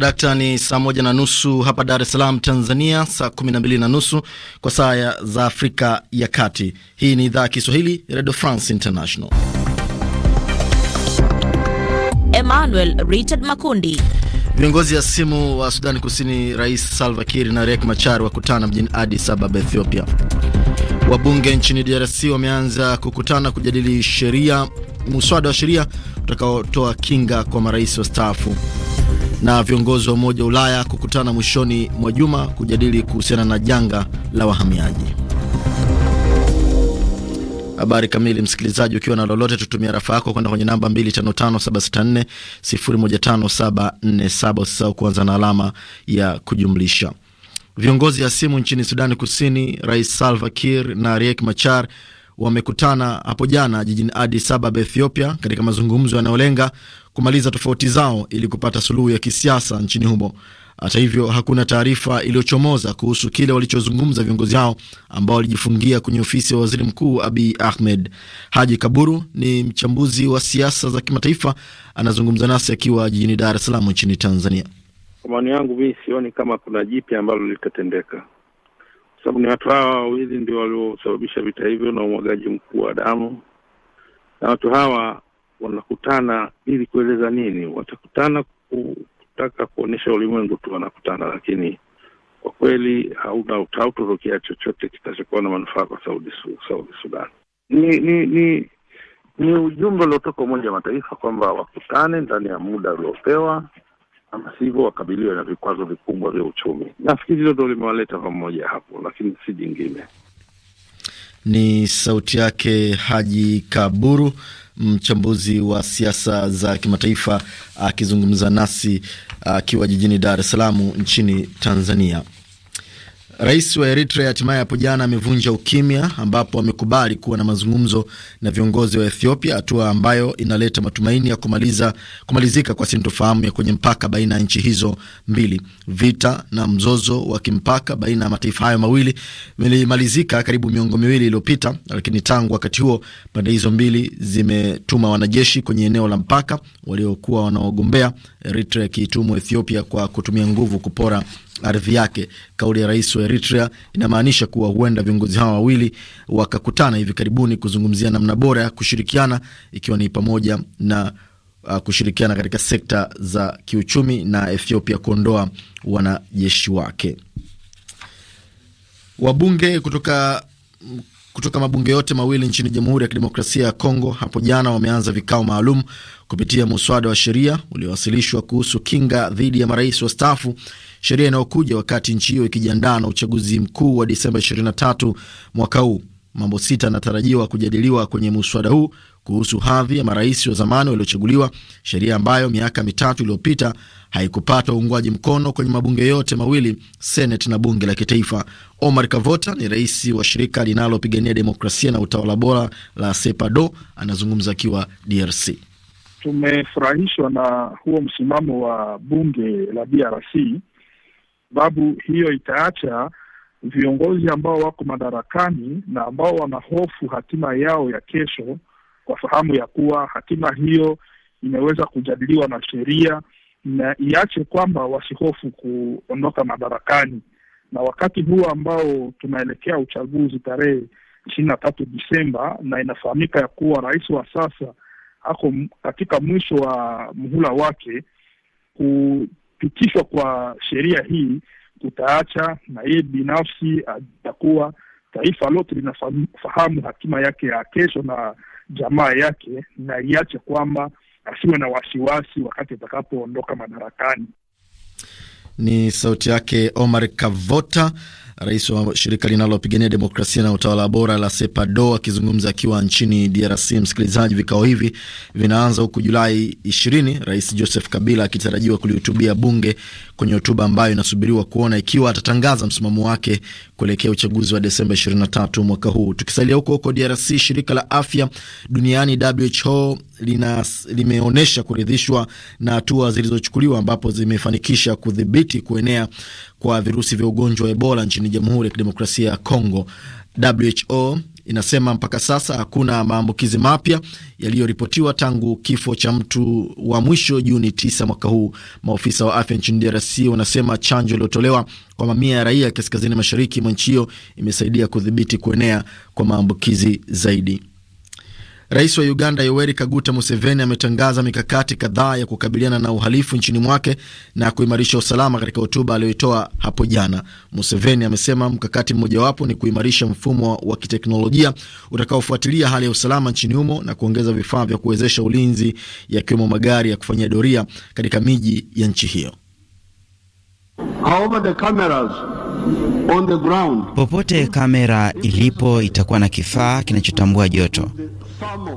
dakta, ni saa moja na nusu hapa Dar es Salaam, Tanzania, saa kumi na mbili na nusu kwa saa za Afrika ya Kati. Hii ni idhaa ya Kiswahili ya Radio France International. Emmanuel Richard Makundi. Viongozi ya simu wa Sudani Kusini, Rais Salva Kiir na Riek Machar wakutana mjini Addis Ababa, Ethiopia. Wabunge nchini DRC wameanza kukutana kujadili sheria, muswada wa sheria utakaotoa kinga kwa marais wastaafu na viongozi wa Umoja wa Ulaya kukutana mwishoni mwa juma kujadili kuhusiana na janga la wahamiaji. Habari kamili, msikilizaji, ukiwa na lolote, tutumia rafa yako kwenda kwenye namba 255764015747. Usisahau kuanza na alama ya kujumlisha. Viongozi ya simu nchini Sudani Kusini, Rais Salva Kiir na Riek Machar wamekutana hapo jana jijini Addis Ababa, Ethiopia, katika mazungumzo yanayolenga kumaliza tofauti zao ili kupata suluhu ya kisiasa nchini humo. Hata hivyo, hakuna taarifa iliyochomoza kuhusu kile walichozungumza viongozi hao ambao walijifungia kwenye ofisi ya waziri mkuu Abiy Ahmed. Haji Kaburu ni mchambuzi wa siasa za kimataifa, anazungumza nasi akiwa jijini Dar es Salaam nchini Tanzania. Kwa maoni yangu, mii, sioni kama kuna jipya ambalo litatendeka, kwa sababu ni watu hawa wawili ndio waliosababisha vita hivyo na umwagaji mkuu wa damu, na watu hawa wanakutana ili kueleza nini? Watakutana kutaka kuonyesha ulimwengu tu wanakutana, lakini kwa kweli hautotokea chochote kitachokuwa na manufaa kwa Saudi, Saudi Sudan. Ni ni ni ni ujumbe uliotoka Umoja wa Mataifa kwamba wakutane ndani ya muda uliopewa, ama sivyo wakabiliwe na vikwazo vikubwa vya uchumi. Nafikiri hilo ndo limewaleta pamoja hapo, lakini si jingine. Ni sauti yake Haji Kaburu, mchambuzi wa siasa za kimataifa akizungumza nasi akiwa jijini Dar es Salaam nchini Tanzania. Rais wa Eritrea hatimaye hapo jana amevunja ukimya ambapo amekubali kuwa na mazungumzo na viongozi wa Ethiopia, hatua ambayo inaleta matumaini ya kumaliza, kumalizika kwa sintofahamu ya kwenye mpaka baina ya nchi hizo mbili. Vita na mzozo wa kimpaka baina ya mataifa hayo mawili vilimalizika karibu miongo miwili iliyopita, lakini tangu wakati huo pande hizo mbili zimetuma wanajeshi kwenye eneo la mpaka waliokuwa wanaogombea, Eritrea ikiitumu Ethiopia kwa kutumia nguvu kupora ardhi yake. Kauli ya rais wa Eritrea inamaanisha kuwa huenda viongozi hawa wawili wakakutana hivi karibuni kuzungumzia namna bora ya kushirikiana, ikiwa ni pamoja na uh, kushirikiana katika sekta za kiuchumi na Ethiopia kuondoa wanajeshi wake. Wabunge kutoka kutoka mabunge yote mawili nchini Jamhuri ya Kidemokrasia ya Kongo hapo jana wameanza vikao maalum kupitia muswada wa sheria uliowasilishwa kuhusu kinga dhidi ya marais wastaafu sheria inayokuja wakati nchi hiyo ikijiandaa na uchaguzi mkuu wa Disemba 23 mwaka huu. Mambo sita yanatarajiwa kujadiliwa kwenye muswada huu kuhusu hadhi ya marais wa zamani waliochaguliwa, sheria ambayo miaka mitatu iliyopita haikupata uungwaji mkono kwenye mabunge yote mawili, seneti na bunge la kitaifa. Omar Kavota ni rais wa shirika linalopigania demokrasia na utawala bora la SEPADO, anazungumza akiwa DRC. Tumefurahishwa na huo msimamo wa bunge la DRC sababu hiyo itaacha viongozi ambao wako madarakani na ambao wana hofu hatima yao ya kesho, kwa fahamu ya kuwa hatima hiyo imeweza kujadiliwa na sheria, na iache kwamba wasihofu kuondoka madarakani. Na wakati huo ambao tunaelekea uchaguzi tarehe ishirini na tatu Disemba, na inafahamika ya kuwa rais wa sasa ako katika mwisho wa mhula wake kupitishwa kwa sheria hii kutaacha na yeye binafsi atakuwa taifa lote linafahamu hatima yake ya kesho na jamaa yake, na iache kwamba asiwe na wasiwasi wakati atakapoondoka madarakani. Ni sauti yake Omar Kavota Rais wa shirika linalopigania demokrasia na utawala bora la SEPADO akizungumza akiwa nchini DRC. Msikilizaji, vikao hivi vinaanza huku Julai 20 Rais Joseph Kabila akitarajiwa kulihutubia bunge kwenye hotuba ambayo inasubiriwa kuona ikiwa atatangaza msimamo wake kuelekea uchaguzi wa Desemba 23 mwaka huu. Tukisalia huko huko DRC, shirika la afya duniani WHO lina, limeonyesha kuridhishwa na hatua zilizochukuliwa ambapo zimefanikisha kudhibiti kuenea kwa virusi vya ugonjwa wa Ebola nchini Jamhuri ya Kidemokrasia ya Kongo. WHO inasema mpaka sasa hakuna maambukizi mapya yaliyoripotiwa tangu kifo cha mtu wa mwisho Juni 9 mwaka huu. Maofisa wa afya nchini DRC wanasema chanjo iliyotolewa kwa mamia ya raia kaskazini mashariki mwa nchi hiyo imesaidia kudhibiti kuenea kwa maambukizi zaidi. Rais wa Uganda Yoweri Kaguta Museveni ametangaza mikakati kadhaa ya kukabiliana na uhalifu nchini mwake na kuimarisha usalama. Katika hotuba aliyoitoa hapo jana, Museveni amesema mkakati mmojawapo ni kuimarisha mfumo wa kiteknolojia utakaofuatilia hali ya usalama nchini humo na kuongeza vifaa vya kuwezesha ulinzi, yakiwemo magari ya kufanyia doria katika miji ya nchi hiyo. Popote kamera ilipo itakuwa na kifaa kinachotambua joto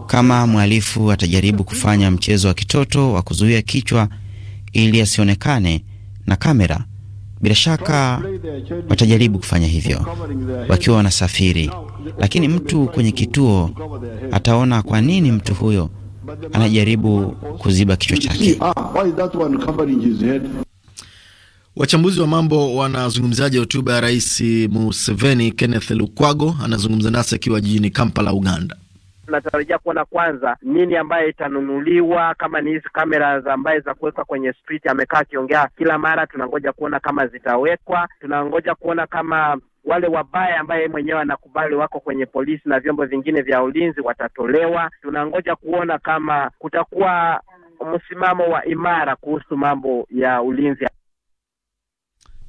kama mhalifu atajaribu kufanya mchezo wa kitoto wa kuzuia kichwa ili asionekane na kamera, bila shaka watajaribu kufanya hivyo wakiwa wanasafiri, lakini mtu kwenye kituo ataona kwa nini mtu huyo anajaribu kuziba kichwa chake. Wachambuzi wa mambo wanazungumzaje hotuba ya Rais Museveni? Kenneth Lukwago anazungumza nasi akiwa jijini Kampala, Uganda tunatarajia kuona kwanza nini ambayo itanunuliwa, kama ni hizi kamera ambaye za kuweka kwenye street. Amekaa akiongea kila mara, tunangoja kuona kama zitawekwa, tunangoja kuona kama wale wabaya ambaye mwenyewe anakubali wako kwenye polisi na vyombo vingine vya ulinzi watatolewa. Tunangoja kuona kama kutakuwa msimamo wa imara kuhusu mambo ya ulinzi.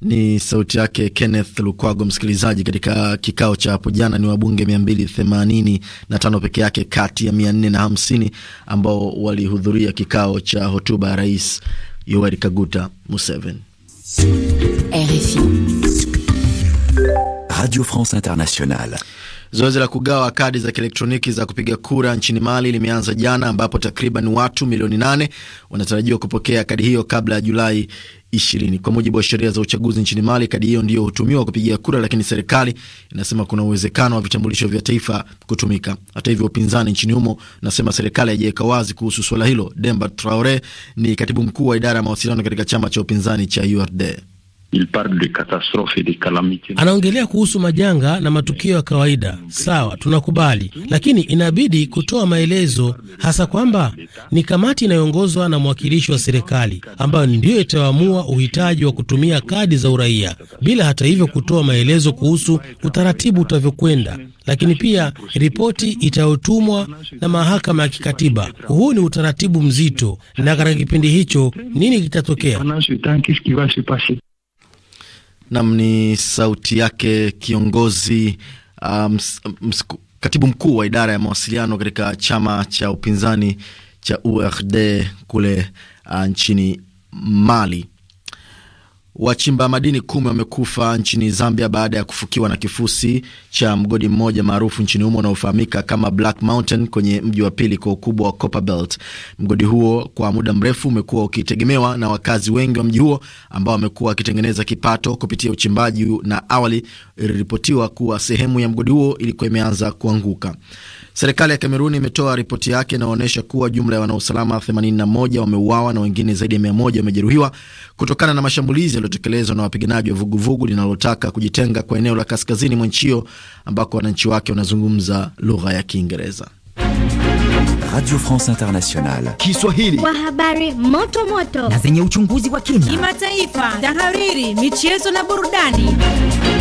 Ni sauti yake Kenneth Lukwago. Msikilizaji, katika kikao cha hapo jana ni wabunge 285 peke yake kati ya 450 ambao walihudhuria kikao cha hotuba ya Rais Yoweri Kaguta Museveni. RFI Radio France Internationale. Zoezi la kugawa kadi za kielektroniki za kupiga kura nchini Mali limeanza jana, ambapo takriban watu milioni nane wanatarajiwa kupokea kadi hiyo kabla ya Julai 20. Kwa mujibu wa sheria za uchaguzi nchini Mali, kadi hiyo ndiyo hutumiwa kupigia kura, lakini serikali inasema kuna uwezekano wa vitambulisho vya taifa kutumika. Hata hivyo, upinzani nchini humo nasema serikali haijaweka wazi kuhusu swala hilo. Demba Traore ni katibu mkuu wa idara ya mawasiliano katika chama cha upinzani cha URD. Il parle de catastrophe et de calamite. Anaongelea kuhusu majanga na matukio ya kawaida. Sawa, tunakubali, lakini inabidi kutoa maelezo hasa kwamba ni kamati inayoongozwa na mwakilishi wa serikali ambayo ndiyo itaamua uhitaji wa kutumia kadi za uraia, bila hata hivyo kutoa maelezo kuhusu utaratibu utavyokwenda, lakini pia ripoti itayotumwa na mahakama ya kikatiba. Huu ni utaratibu mzito, na katika kipindi hicho nini kitatokea? Nam ni sauti yake kiongozi uh, ms, ms, katibu mkuu wa idara ya mawasiliano katika chama cha upinzani cha URD kule uh, nchini Mali. Wachimba madini kumi wamekufa nchini Zambia baada ya kufukiwa na kifusi cha mgodi mmoja maarufu nchini humo unaofahamika kama Black Mountain kwenye mji wa pili kwa ukubwa wa Belt. Mgodi huo kwa muda mrefu umekuwa ukitegemewa na wakazi wengi wa mji huo ambao wamekuwa wakitengeneza kipato kupitia uchimbaji, na awali iliripotiwa kuwa sehemu ya mgodi huo ilikuwa imeanza kuanguka. Serikali ya Kameruni imetoa ripoti yake inaonyesha kuwa jumla ya wanausalama 81 wameuawa na wengine zaidi ya 100 wamejeruhiwa kutokana na mashambulizi yaliyotekelezwa na wapiganaji wa vuguvugu linalotaka kujitenga kwa eneo la kaskazini mwa nchi hiyo ambako wananchi wake wanazungumza lugha ya Kiingereza. Radio France Internationale Kiswahili, kwa habari moto moto na zenye uchunguzi wa kina, kimataifa, tahariri, michezo na burudani.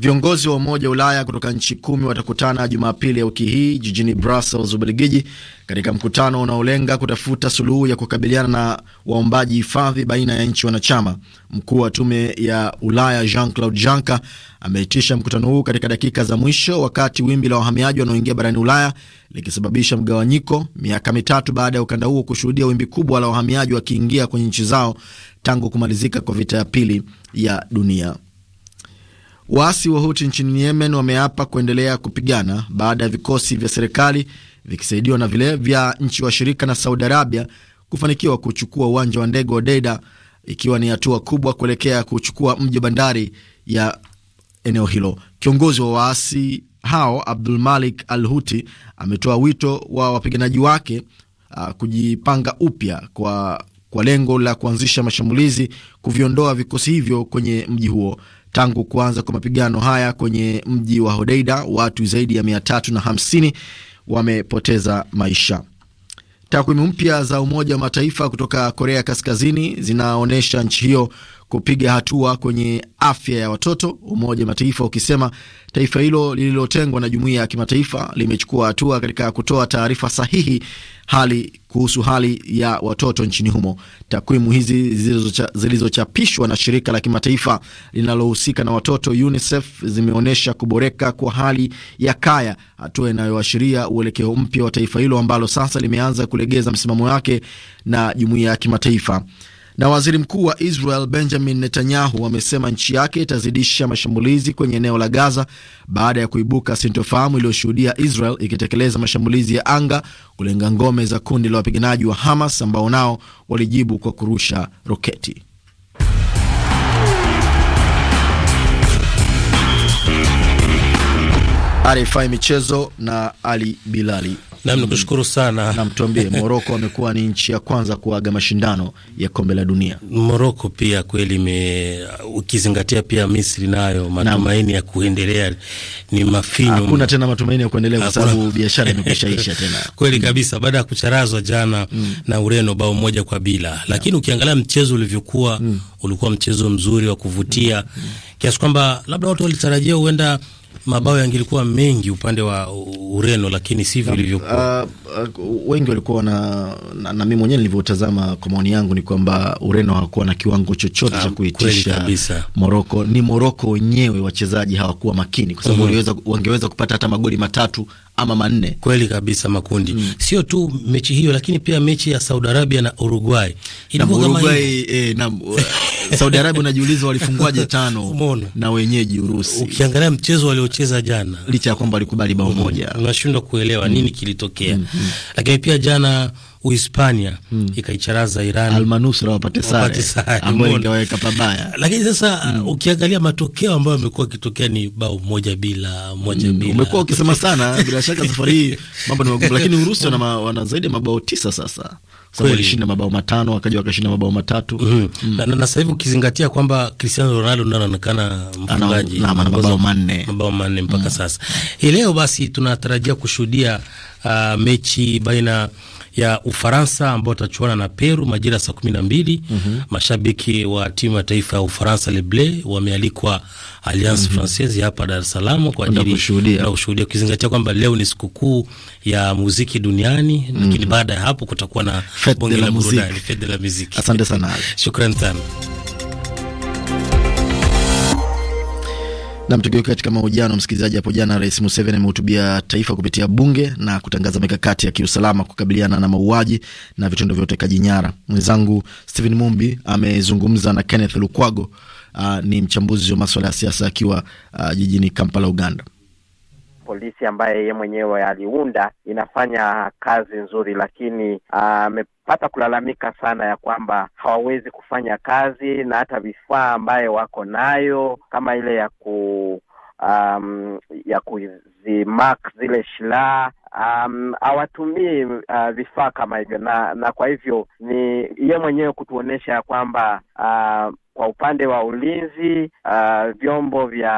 Viongozi wa Umoja wa Ulaya kutoka nchi kumi watakutana Jumapili ya wiki hii jijini Brussels, Ubelgiji, katika mkutano unaolenga kutafuta suluhu ya kukabiliana na waombaji hifadhi baina ya nchi wanachama. Mkuu wa Tume ya Ulaya Jean Claude Juncker ameitisha mkutano huu katika dakika za mwisho, wakati wimbi la wahamiaji wanaoingia barani Ulaya likisababisha mgawanyiko, miaka mitatu baada ya ukanda huo kushuhudia wimbi kubwa la wahamiaji wakiingia kwenye nchi zao tangu kumalizika kwa vita ya pili ya dunia. Waasi wa Huti nchini Yemen wameapa kuendelea kupigana baada ya vikosi vya serikali vikisaidiwa na vile vya nchi washirika na Saudi Arabia kufanikiwa kuchukua uwanja wa ndege wa Deida, ikiwa ni hatua kubwa kuelekea kuchukua mji bandari ya eneo hilo. Kiongozi wa waasi hao Abdul Malik Al Huti ametoa wito wa wapiganaji wake a, uh, kujipanga upya kwa, kwa lengo la kuanzisha mashambulizi kuviondoa vikosi hivyo kwenye mji huo. Tangu kuanza kwa mapigano haya kwenye mji wa Hodeida, watu zaidi ya 350 wamepoteza maisha. Takwimu mpya za Umoja wa Mataifa kutoka Korea Kaskazini zinaonyesha nchi hiyo kupiga hatua kwenye afya ya watoto, Umoja wa Mataifa ukisema taifa hilo lililotengwa na jumuiya ya kimataifa limechukua hatua katika kutoa taarifa sahihi hali kuhusu hali ya watoto nchini humo. Takwimu hizi zilizochapishwa na shirika la kimataifa linalohusika na watoto UNICEF zimeonyesha kuboreka kwa hali ya kaya, hatua inayoashiria uelekeo mpya wa taifa hilo ambalo sasa limeanza kulegeza msimamo wake na jumuiya ya kimataifa. Na waziri mkuu wa Israel Benjamin Netanyahu amesema nchi yake itazidisha mashambulizi kwenye eneo la Gaza baada ya kuibuka sintofahamu iliyoshuhudia Israel ikitekeleza mashambulizi ya anga kulenga ngome za kundi la wapiganaji wa Hamas ambao nao walijibu kwa kurusha roketi. RFI Michezo na Ali Bilali. Nam, nikushukuru sana. Namtuambie, Moroko amekuwa ni nchi ya kwanza kuaga mashindano ya kombe la dunia. Moroko pia kweli me, ukizingatia pia Misri nayo matumaini ya kuendelea ni mafinyo. Hakuna tena matumaini ya kuendelea kwa sababu biashara imekwishaisha tena kweli mm. kabisa, baada ya kucharazwa jana mm. na Ureno bao moja kwa bila, lakini yeah. ukiangalia mchezo ulivyokuwa mm. ulikuwa mchezo mzuri wa kuvutia mm. mm. kiasi kwamba labda watu walitarajia huenda mabao yangelikuwa mengi upande wa Ureno, lakini sivyo ilivyokuwa. Uh, uh, wengi walikuwa na, na, na mimi mwenyewe nilivyotazama, kwa maoni yangu ni kwamba Ureno hawakuwa na kiwango chochote cha kuitisha Moroko. Ni Moroko wenyewe wachezaji hawakuwa makini, kwa sababu mm -hmm. wangeweza kupata hata magoli matatu ama manne. Kweli kabisa makundi mm. Sio tu mechi hiyo, lakini pia mechi ya Saudi Arabia na Uruguay na Uruguay eh, na eh, Saudi Arabia unajiuliza walifungwaje tano Umono. na wenyeji Urusi. Ukiangalia mchezo waliocheza jana, licha ya kwamba walikubali bao mm-hmm. moja, unashindwa kuelewa mm. nini kilitokea mm -hmm. Lakini pia jana Uhispania hmm. ikaicharaza Iran, almanusra wapate sare ambayo ingewaweka pabaya. Lakini sasa hmm. ukiangalia matokeo ambayo yamekuwa yakitokea ni bao moja bila moja hmm. bila. Umekuwa ukisema sana bila shaka safari hii mambo ni magumu, lakini Urusi wana, wana zaidi ya mabao tisa sasa walishinda mabao matano wakaja wakashinda mabao matatu mm. Mm. Na, na sasa hivi ukizingatia kwamba Cristiano Ronaldo ndo anaonekana mfungaji mabao manne mabao manne mpaka mm. sasa. Hii leo basi tunatarajia kushuhudia uh, mechi baina ya Ufaransa ambao watachuana na Peru majira ya saa kumi na mbili. mm -hmm. Mashabiki wa timu ya taifa ya Ufaransa Les wamealikwa Alliance mm -hmm. Francaise hapa Dar es Salaam kwa ajili ya kushuhudia, ukizingatia kwamba leo ni sikukuu ya muziki duniani mm -hmm. Lakini mhm. baada ya hapo kutakuwa na bonge la burudani, fete de la muziki. Asante sana, shukran sana. Nam, tukiwa katika mahojiano msikilizaji, hapo jana Rais Museveni amehutubia taifa kupitia bunge na kutangaza mikakati ya kiusalama kukabiliana na mauaji na vitendo vya utekaji nyara. Mwenzangu Stephen Mumbi amezungumza na Kenneth Lukwago. Uh, ni mchambuzi wa maswala ya siasa akiwa uh, jijini Kampala, Uganda polisi ambaye yeye mwenyewe aliunda inafanya kazi nzuri, lakini ah, amepata kulalamika sana ya kwamba hawawezi kufanya kazi na hata vifaa ambaye wako nayo kama ile ya ku um, ya kuzimak zile silaha Um, awatumii uh, ah, vifaa kama hivyo, na na kwa hivyo ni yeye mwenyewe kutuonyesha ya kwamba uh, kwa upande wa ulinzi uh, vyombo vya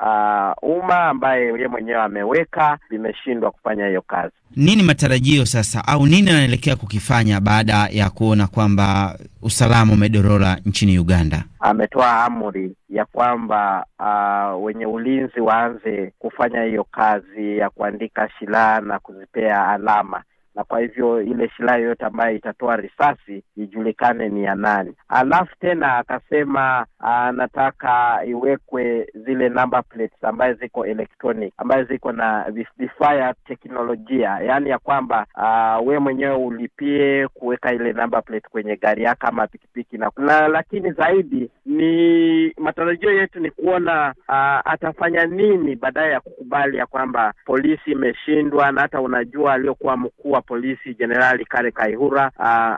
uh, umma ambaye yeye mwenyewe ameweka vimeshindwa kufanya hiyo kazi. Nini matarajio sasa, au nini anaelekea kukifanya baada ya kuona kwamba usalama umedorora nchini Uganda? Ametoa amri ya kwamba uh, wenye ulinzi waanze kufanya hiyo kazi ya kuandika silaha na kuzipea alama na kwa hivyo ile silaha yoyote ambayo itatoa risasi ijulikane ni ya nani. Alafu tena akasema anataka ah, iwekwe zile number plates ambayo ziko electronic, ambayo ziko na vifaa teknolojia, yaani ya kwamba ah, we mwenyewe ulipie kuweka ile number plate kwenye gari yako ama pikipiki na, na lakini zaidi ni matarajio yetu ni kuona uh, atafanya nini baadaye ya kukubali ya kwamba polisi imeshindwa, na hata unajua aliyokuwa mkuu wa polisi Jenerali Kare Kaihura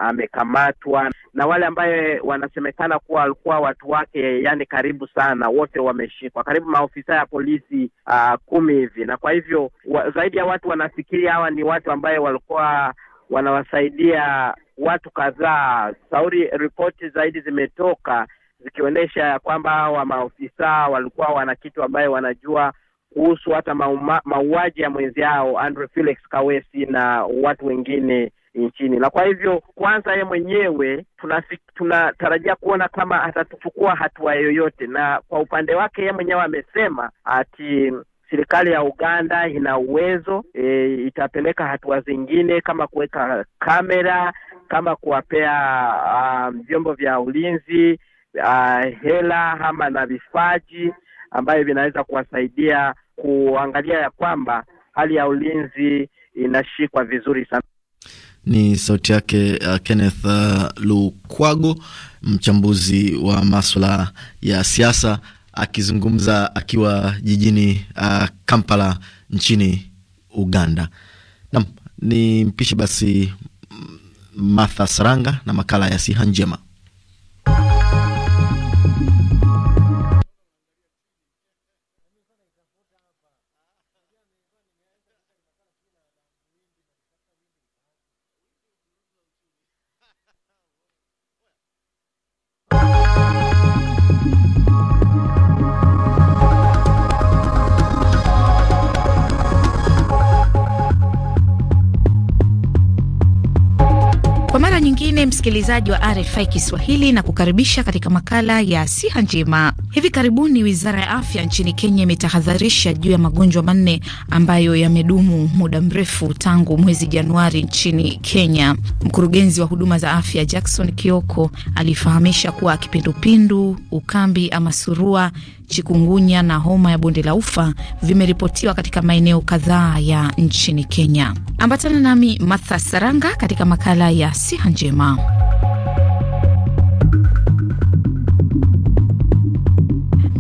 amekamatwa, na wale ambaye wanasemekana kuwa walikuwa watu wake, yani karibu sana, wote wameshikwa, karibu maofisa ya polisi aa, kumi hivi, na kwa hivyo wa, zaidi ya watu wanafikiri hawa ni watu ambaye walikuwa wanawasaidia watu kadhaa. Sauri, ripoti zaidi zimetoka zikionyesha ya kwamba hawa maofisa walikuwa wana kitu ambaye wanajua kuhusu hata mauaji ya mwenzi yao Andre Felix Kawesi na watu wengine nchini. Na kwa hivyo kwanza, yeye mwenyewe tunatarajia kuona kama atatuchukua hatua yoyote, na kwa upande wake yeye mwenyewe amesema ati serikali ya Uganda ina uwezo e, itapeleka hatua zingine kama kuweka kamera, kama kuwapea um, vyombo um, vya ulinzi uh, hela ama na vifaji ambayo vinaweza kuwasaidia kuangalia ya kwamba hali ya ulinzi inashikwa vizuri sana. Ni sauti yake uh, Kenneth uh, Lukwago, mchambuzi wa maswala ya siasa akizungumza akiwa jijini uh, Kampala nchini Uganda. Nam ni mpishe basi Martha Saranga na makala ya siha njema. nyingine, msikilizaji wa RFI Kiswahili, na kukaribisha katika makala ya siha njema. Hivi karibuni wizara ya afya nchini Kenya imetahadharisha juu ya magonjwa manne ambayo yamedumu muda mrefu tangu mwezi Januari nchini Kenya. Mkurugenzi wa huduma za afya Jackson Kioko alifahamisha kuwa kipindupindu, ukambi ama surua, chikungunya na homa ya bonde la ufa vimeripotiwa katika maeneo kadhaa ya nchini Kenya. Ambatana nami Martha Saranga katika makala ya Siha Njema.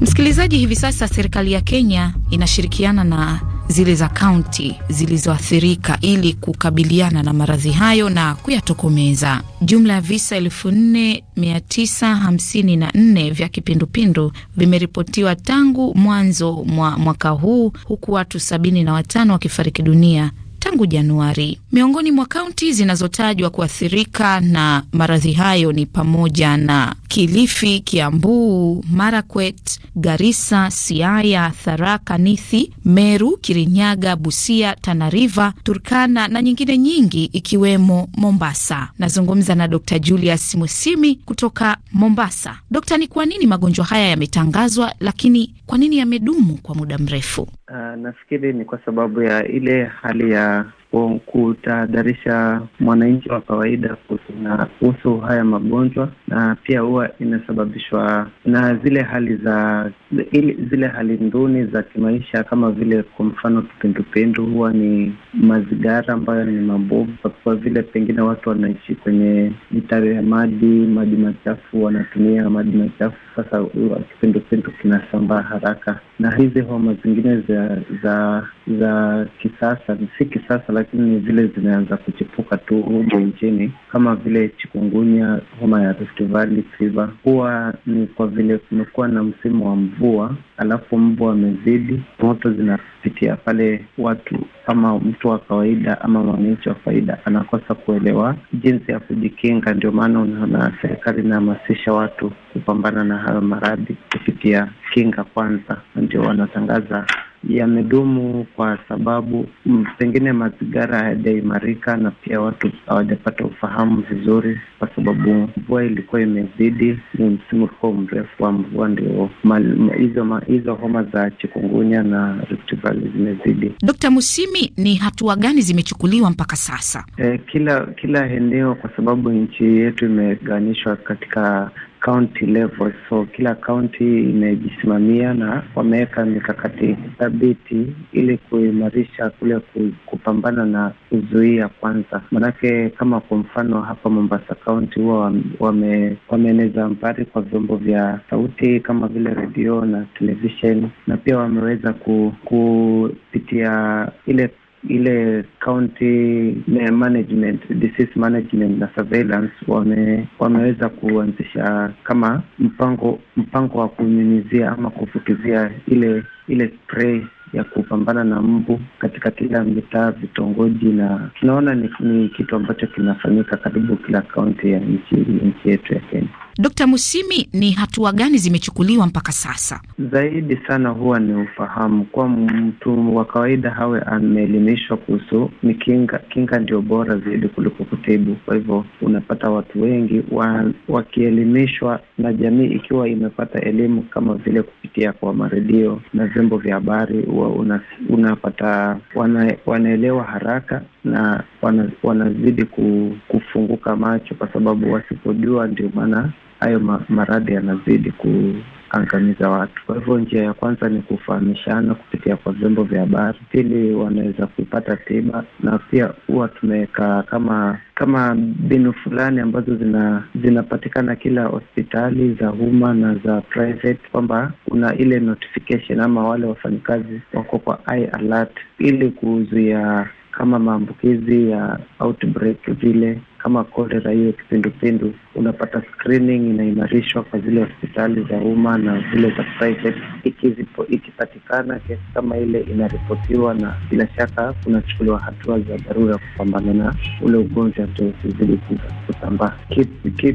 Msikilizaji, hivi sasa serikali ya Kenya inashirikiana na zile za kaunti zilizoathirika ili kukabiliana na maradhi hayo na kuyatokomeza. Jumla ya visa 4954 vya kipindupindu vimeripotiwa tangu mwanzo mwa mwaka huu huku watu 75 wakifariki dunia tangu Januari. Miongoni mwa kaunti zinazotajwa kuathirika na maradhi hayo ni pamoja na Kilifi, Kiambu, Marakwet, garisa Siaya, Tharaka Nithi, Meru, Kirinyaga, Busia, Tana River, Turkana na nyingine nyingi ikiwemo Mombasa. Nazungumza na Dr. Julius Musimi kutoka Mombasa. Dokta, ni kwa nini magonjwa haya yametangazwa lakini kwa nini yamedumu kwa muda mrefu? Ah, nafikiri ni kwa sababu ya ile hali ya kutahadharisha mwananchi wa kawaida kuhusu haya magonjwa, na pia huwa inasababishwa na zile hali za zile hali nduni za kimaisha, kama vile kwa mfano kipindupindu huwa ni mazigara ambayo ni mabovu, kwa vile pengine watu wanaishi kwenye mitaro ya maji, maji machafu, wanatumia maji machafu. Sasa kipindupindu kinasambaa haraka, na hizi homa zingine za za za kisasa, si kisasa lakini ni vile zimeanza kuchipuka tu humu nchini kama vile chikungunya, homa ya Rift Valley fever, huwa ni kwa vile kumekuwa na msimu wa mvua, alafu mvua amezidi, moto zinapitia pale, watu kama mtu wa kawaida ama mwananchi wa faida anakosa kuelewa jinsi ya kujikinga. Ndio maana unaona serikali inahamasisha watu kupambana na hayo maradhi kupitia kinga kwanza, ndio wanatangaza yamedumu kwa sababu mm, pengine mazingira hayajaimarika na pia watu hawajapata ufahamu vizuri, kwa sababu mvua ilikuwa imezidi, ni msimu ulikuwa mrefu wa mvua, ndio hizo hizo homa za chikungunya na Rift Valley zimezidi. Dkt. Musimi, ni hatua gani zimechukuliwa mpaka sasa? E, kila kila eneo, kwa sababu nchi yetu imeganishwa katika county level. So kila kaunti imejisimamia na wameweka mikakati thabiti ili kuimarisha kule kupambana na kuzuia kwanza. Manake kama kwa mfano hapa Mombasa kaunti huwa wame, wameeneza habari kwa vyombo vya sauti kama vile redio na televisheni, na pia wameweza ku, kupitia ile ile county management, disease management na surveillance wame, wameweza kuanzisha kama mpango mpango wa kunyunyizia ama kufukizia ile ile spray ya kupambana na mbu katika kila mitaa, vitongoji, na tunaona ni, ni kitu ambacho kinafanyika karibu kila kaunti ya nchi yetu ya Kenya. Dkt. Musimi, ni hatua gani zimechukuliwa mpaka sasa? Zaidi sana huwa ni ufahamu kwa mtu wa kawaida, hawe ameelimishwa kuhusu ni kinga. Kinga ndio bora zaidi kuliko kutibu. Kwa hivyo unapata watu wengi wa, wakielimishwa na jamii ikiwa imepata elimu kama vile kupitia kwa maredio na vyombo vya habari, huwa una, unapata wana, wanaelewa haraka na wanazidi kufunguka macho, kwa sababu wasipojua, ndio maana hayo maradhi yanazidi kuangamiza watu. Kwa hivyo njia ya kwanza ni kufahamishana kupitia kwa vyombo vya habari. Pili, wanaweza kupata tiba, na pia huwa tumeweka kama kama mbinu fulani ambazo zina zinapatikana kila hospitali za umma na za private, kwamba kuna ile notification ama wale wafanyikazi wako kwa alert ili kuzuia kama maambukizi ya outbreak vile kama kolera, hiyo kipindupindu, unapata screening inaimarishwa kwa zile hospitali za umma na zile za private. Ikizipo, ikipatikana kesi kama ile inaripotiwa, na bila shaka kunachukuliwa hatua za dharura kupambana na ule ugonjwa ndio usizidi kusambaa.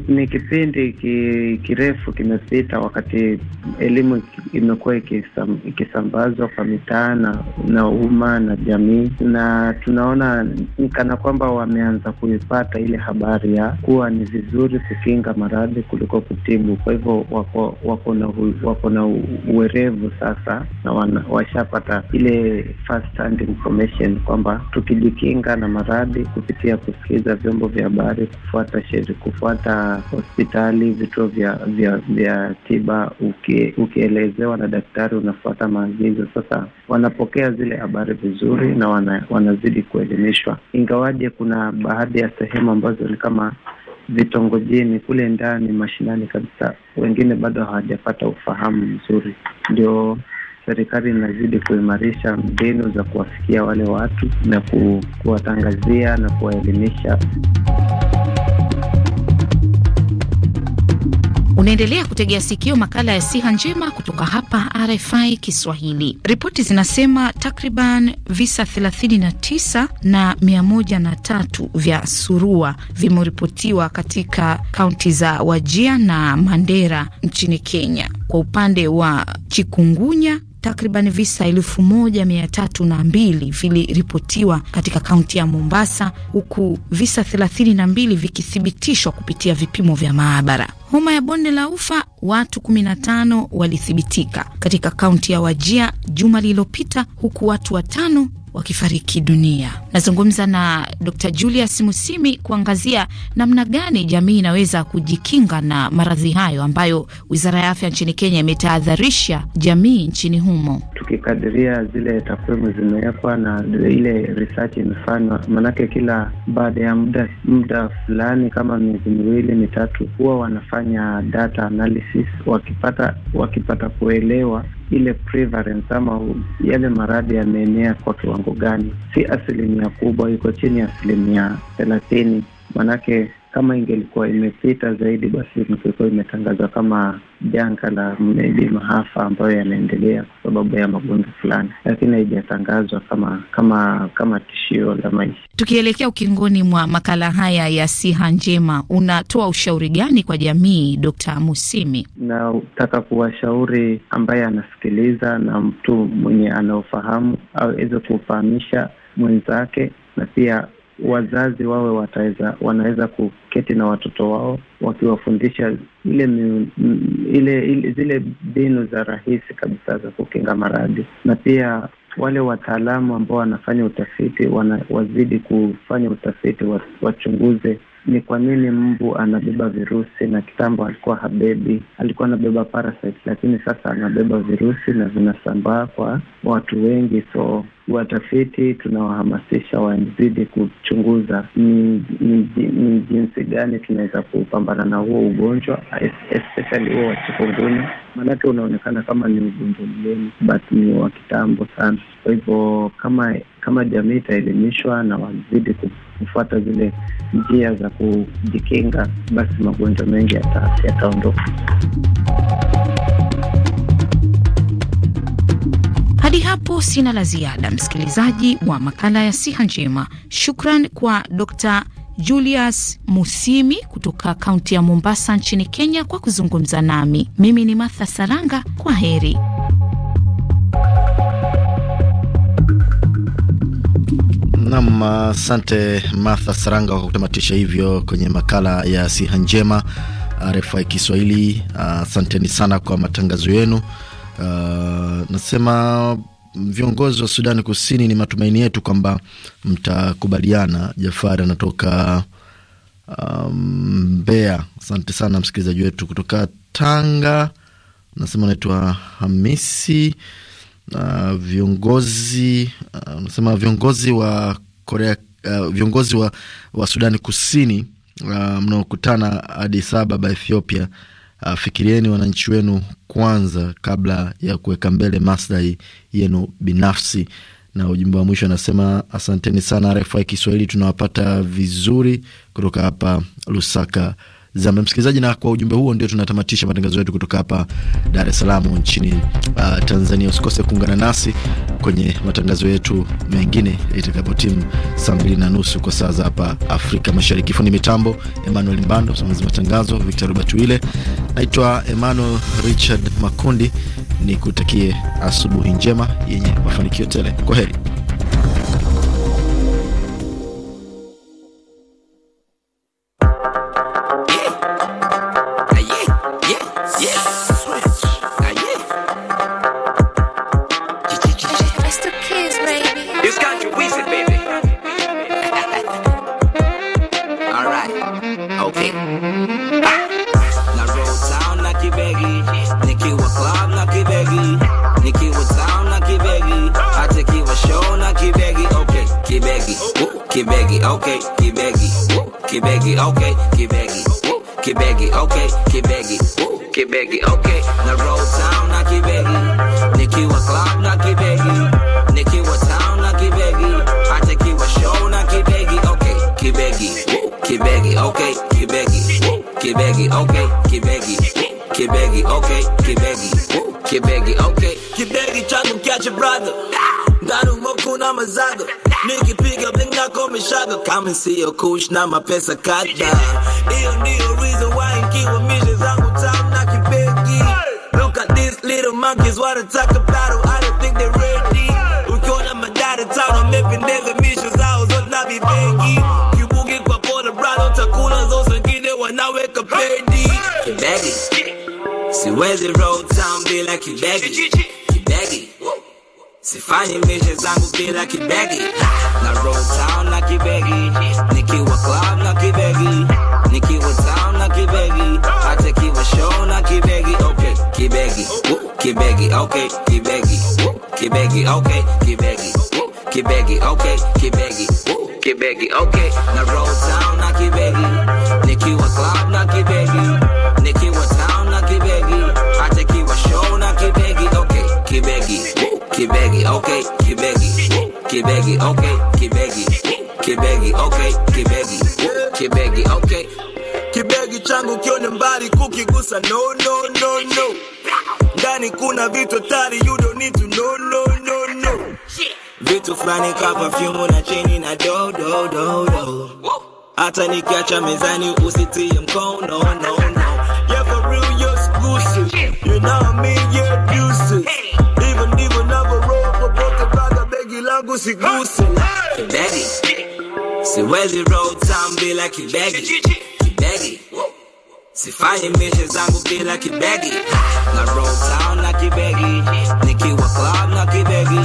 Ni kipindi ki, kirefu kimepita, wakati elimu imekuwa ikisambazwa kwa mitaa na, na umma na jamii, na tunaona kana kwamba wameanza kuipata ile ile habari ya kuwa ni vizuri kukinga maradhi kuliko kutibu. Kwa hivyo wako wako na wako na uwerevu sasa, na washapata ile first hand information kwamba tukijikinga na maradhi kupitia kusikiliza vyombo vya habari, kufuata sheri, kufuata hospitali, vituo vya vya vya tiba, ukielezewa uke na daktari unafuata maagizo. Sasa wanapokea zile habari vizuri na wana, wanazidi kuelimishwa, ingawaje kuna baadhi ya sehemu ambazo ni kama vitongojini kule ndani mashinani kabisa, wengine bado hawajapata ufahamu mzuri, ndio serikali inazidi kuimarisha mbinu za kuwafikia wale watu na kuwatangazia na kuwaelimisha. Unaendelea kutegea sikio makala ya siha njema kutoka hapa RFI Kiswahili. Ripoti zinasema takriban visa 39 na 103 vya surua vimeripotiwa katika kaunti za Wajia na Mandera nchini Kenya. Kwa upande wa chikungunya takriban visa elfu moja mia tatu na mbili viliripotiwa katika kaunti ya Mombasa, huku visa thelathini na mbili vikithibitishwa kupitia vipimo vya maabara. Homa ya bonde la ufa, watu 15 walithibitika katika kaunti ya Wajia juma lililopita, huku watu watano wakifariki dunia. Nazungumza na Dr. Julius Musimi kuangazia namna gani jamii inaweza kujikinga na maradhi hayo ambayo Wizara ya Afya nchini Kenya imetahadharisha jamii nchini humo. Tukikadiria zile takwimu zimewekwa na ile research imefanywa, maanake kila baada ya muda muda fulani kama miezi miwili mitatu, huwa wanafanya data analysis, wakipata wakipata kuelewa ile prevalence ama yale maradhi yameenea kwa kiwango gani. Si asilimia kubwa, iko chini ya asilimia thelathini, manake kama ingelikuwa imepita zaidi, basi ingekuwa imetangazwa kama janga la maybe mahafa ambayo yanaendelea kwa sababu ya magonjwa fulani, lakini haijatangazwa kama kama kama tishio la maisha. Tukielekea ukingoni mwa makala haya ya siha njema, unatoa ushauri gani kwa jamii, d Musimi? Nataka kuwashauri ambaye anasikiliza na mtu mwenye anaofahamu aweze kufahamisha mwenzake na pia wazazi wawe wataweza, wanaweza kuketi na watoto wao wakiwafundisha ile, ile, ile zile mbinu za rahisi kabisa za kukinga maradhi, na pia wale wataalamu ambao wanafanya utafiti wana, wazidi kufanya utafiti, wachunguze ni kwa nini mbu anabeba virusi na kitambo alikuwa habebi, alikuwa anabeba parasite, lakini sasa anabeba virusi na vinasambaa kwa watu wengi. So watafiti tunawahamasisha wazidi kuchunguza ni, ni, ni jinsi gani tunaweza kupambana na huo ugonjwa especially huo wa chikungunya, maanake unaonekana kama ni ugonjwa mgeni but ni wa kitambo sana. Kwa hivyo kama kama jamii itaelimishwa na wazidi kufuata zile njia za kujikinga, basi magonjwa mengi yataondoka yata hadi hapo sina la ziada, msikilizaji wa makala ya siha njema. Shukran kwa Dr Julius Musimi kutoka kaunti ya Mombasa nchini Kenya kwa kuzungumza nami. Mimi ni Martha Saranga, kwa heri. Nam, asante Martha Saranga kwa kutamatisha hivyo kwenye makala ya siha njema RFI Kiswahili. Asanteni sana kwa matangazo yenu. Uh, nasema viongozi wa Sudani Kusini, ni matumaini yetu kwamba mtakubaliana. Jafari anatoka um, Mbeya. Um, asante sana msikilizaji wetu kutoka Tanga, nasema anaitwa Hamisi na ah, viongozi uh, viongozi wa Korea uh, viongozi wa, wa Sudani Kusini uh, mnaokutana Addis Ababa Ethiopia, uh, fikirieni wananchi wenu kwanza kabla ya kuweka mbele maslahi yenu binafsi. Na ujumbe wa mwisho anasema asanteni sana RFI Kiswahili, tunawapata vizuri kutoka hapa Lusaka zama. Msikilizaji, na kwa ujumbe huo ndio tunatamatisha matangazo yetu kutoka hapa Dar es Salaam nchini uh, Tanzania. Usikose kuungana nasi kwenye matangazo yetu mengine timu saa mbili na nusu kwa saa za hapa Afrika Mashariki. Fundi mitambo Emmanuel Mbando, msimamizi matangazo Victor Robert Wile. Naitwa Emmanuel Richard Makundi, ni kutakie asubuhi njema yenye mafanikio tele. Kwa heri. okay, get baggy, woo, get baggy, okay, get baggy, woo, get baggy, okay, get baggy, woo, get baggy, okay. the road town, now get baggy, Nicky a club, now get baggy, Nicky a town, now get baggy, I take you a show, now get baggy, okay, get baggy, woo, get baggy, okay, get baggy, woo, get baggy, okay, get baggy, get baggy, okay, get baggy, woo, get baggy, okay, get baggy, try to catch your brother. Daruma kuna mazago Nikipiga big nako Come and see your coach na mapesa kada Iyo ndiyo reason why nkiwa mishe zangu tamu na kipegi Look at these little monkeys wanataka battle I don't think they're ready Ukiona madari tano amependeza mishe zao zote na vibegi Kibugi kwa pole brother utakula zote wengine wanaweka pedi Kibegi Siwezi roll town bila kibegi Sifanyi mishe zangu bila kibegi na roll town na kibegi, nikiwa club na kibegi, nikiwa town na kibegi, hata kiwa show na kibegi. Okay, kibegi, woo, kibegi, okay, kibegi, woo, kibegi, okay, kibegi, woo, kibegi, okay, kibegi, woo, kibegi, okay, na roll town na kibegi, nikiwa club na kibegi Kibegi, okay, Kibegi, Kibegi, okay, Kibegi, Kibegi, okay, Kibegi, Kibegi, okay. Kibegi changu kione mbali kukigusa, no, no, no, no. Ndani kuna vitu tari, you don't need to know, no, no, no. Vitu fulani ka perfume na cheni na do, do, do, do. Hata nikiacha mezani usitie mkono, no, no. Yeah, for real, you're exclusive. You know me, yeah, dude. girl goosey goosey. Kibegi. See where the road town be like Kibegi. Kibegi. See fire missions zangu be like Kibegi. Na road town na Kibegi. wa club na Kibegi.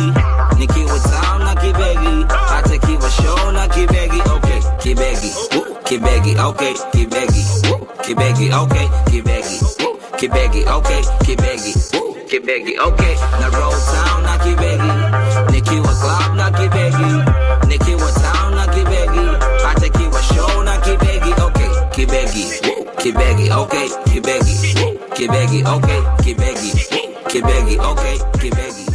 wa town na Kibegi. Hata kiwa show na Kibegi. Okay, Kibegi. Woo, Kibegi. Okay, Kibegi. Woo, Kibegi. Okay, Kibegi. Woo, Kibegi. Okay, Kibegi. Woo, Kibegi. Okay, na road town na Kibegi. Nikki wa club na kibegi, Nikki wa town na kibegi, hata kiwa show na kibegi, okay, kibegi, kibegi, okay, kibegi, kibegi, okay, kibegi, kibegi, okay, kibegi.